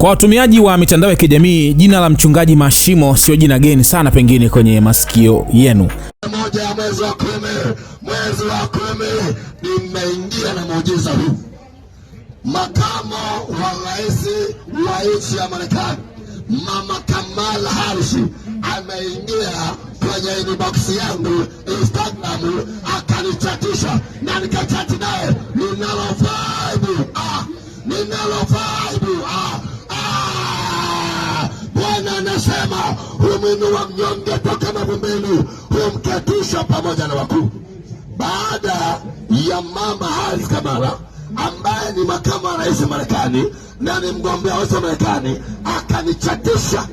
Kwa watumiaji wa mitandao ya kijamii, jina la Mchungaji Mashimo sio jina geni sana pengine kwenye masikio yenu. Moja ya mwezi wa kumi, mwezi wa kumi nimeingia na muujiza huu. Makamo wa rais wa nchi ya Marekani Mama Kamala Harris ameingia kwenye inbox yangu Instagram, akanichatisha na nikachati naye ninalo vibe ah, ninalo vibe huyo mwinua mnyonge toka mavumbeni, humketisha pamoja na wakuu. Baada ya mama Harris Kamala ambaye ni makamu wa rais Marekani na ni mgombea wote wa Marekani akanichatisha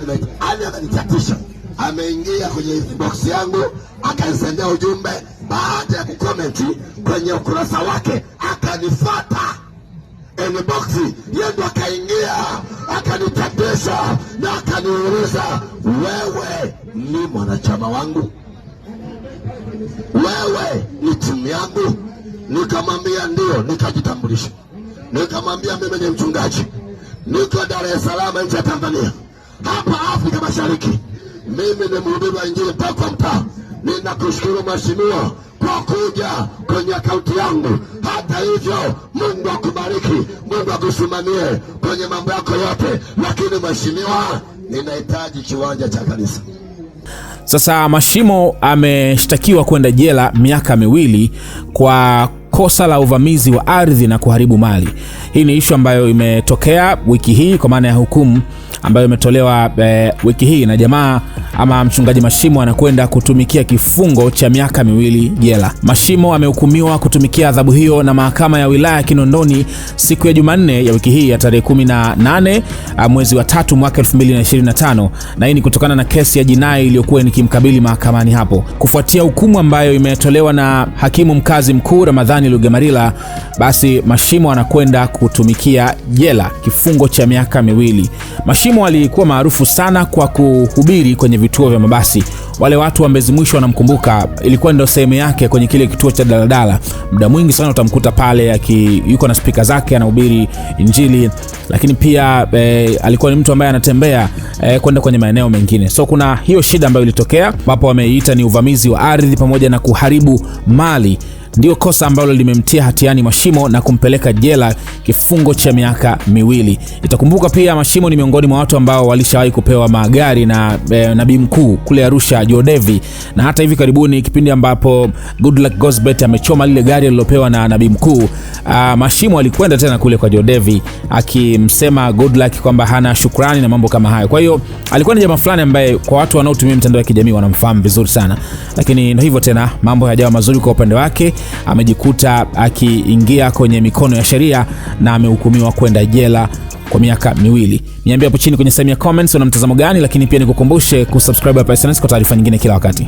ali, akanichatisha ameingia kwenye inbox yangu akanisendea ujumbe, baada ya kukomenti kwenye ukurasa wake akanifata kwenye boksi, ndo akaingia akanitatesa na akaniuliza, wewe ni mwanachama wangu, wewe ni timu yangu? Nikamwambia ndio, nikajitambulisha, nikamwambia mimi ni mchungaji, niko Dar es Salaam nchi ya Tanzania, hapa Afrika Mashariki, mimi ni mhubiri wa Injili mtaa mtaa. Ninakushukuru mheshimiwa kuja kwenye akaunti yangu. Hata hivyo, Mungu akubariki, Mungu akusimamie kwenye mambo yako yote, lakini mheshimiwa, ninahitaji kiwanja cha kanisa. Sasa Mashimo ameshtakiwa kwenda jela miaka miwili kwa kosa la uvamizi wa ardhi na kuharibu mali. Hii ni ishu ambayo imetokea wiki hii kwa maana ya hukumu ambayo imetolewa e, wiki hii na jamaa ama mchungaji Mashimo anakwenda kutumikia kifungo cha miaka miwili jela. Mashimo amehukumiwa kutumikia adhabu hiyo na mahakama ya wilaya ya Kinondoni siku ya Jumanne ya wiki hii ya tarehe 18 ah, mwezi wa tatu mwaka 2025, na hii ni kutokana na kesi ya jinai iliyokuwa nikimkabili mahakamani hapo kufuatia hukumu ambayo imetolewa na hakimu mkazi mkuu Ramadhani Lugemarila. Basi Mashimo anakwenda kutumikia jela kifungo cha miaka miwili. Mashimo Tarimo alikuwa maarufu sana kwa kuhubiri kwenye vituo vya mabasi. Wale watu wa Mbezi Mwisho wanamkumbuka, ilikuwa ndio sehemu yake kwenye kile kituo cha daladala. Muda mwingi sana utamkuta pale aki, yuko na spika zake anahubiri Injili, lakini pia e, alikuwa ni mtu ambaye anatembea e, kwenda kwenye maeneo mengine. So kuna hiyo shida ambayo ilitokea, ambapo wameiita ni uvamizi wa ardhi pamoja na kuharibu mali ndio kosa ambalo limemtia hatiani Mashimo na kumpeleka jela kifungo cha miaka miwili. Itakumbuka pia Mashimo ni miongoni mwa watu ambao walishawahi kupewa magari na e, nabii mkuu kule Arusha Jodevi, na hata hivi karibuni kipindi ambapo Goodluck Gosbet amechoma lile gari alilopewa na nabii mkuu ah, Mashimo alikwenda tena kule kwa Jodevi akimsema Goodluck kwamba hana shukrani na mambo kama hayo. Kwa hiyo alikuwa ni jamaa fulani ambaye kwa watu wanaotumia mitandao ya kijamii wanamfahamu vizuri sana, lakini ndio hivyo tena, mambo hayajawa mazuri kwa upande wake amejikuta akiingia kwenye mikono ya sheria na amehukumiwa kwenda jela kwa miaka miwili. niambia hapo chini kwenye sehemu ya comments una mtazamo gani, lakini pia nikukumbushe kusubscribe hapa SnS kwa taarifa nyingine kila wakati.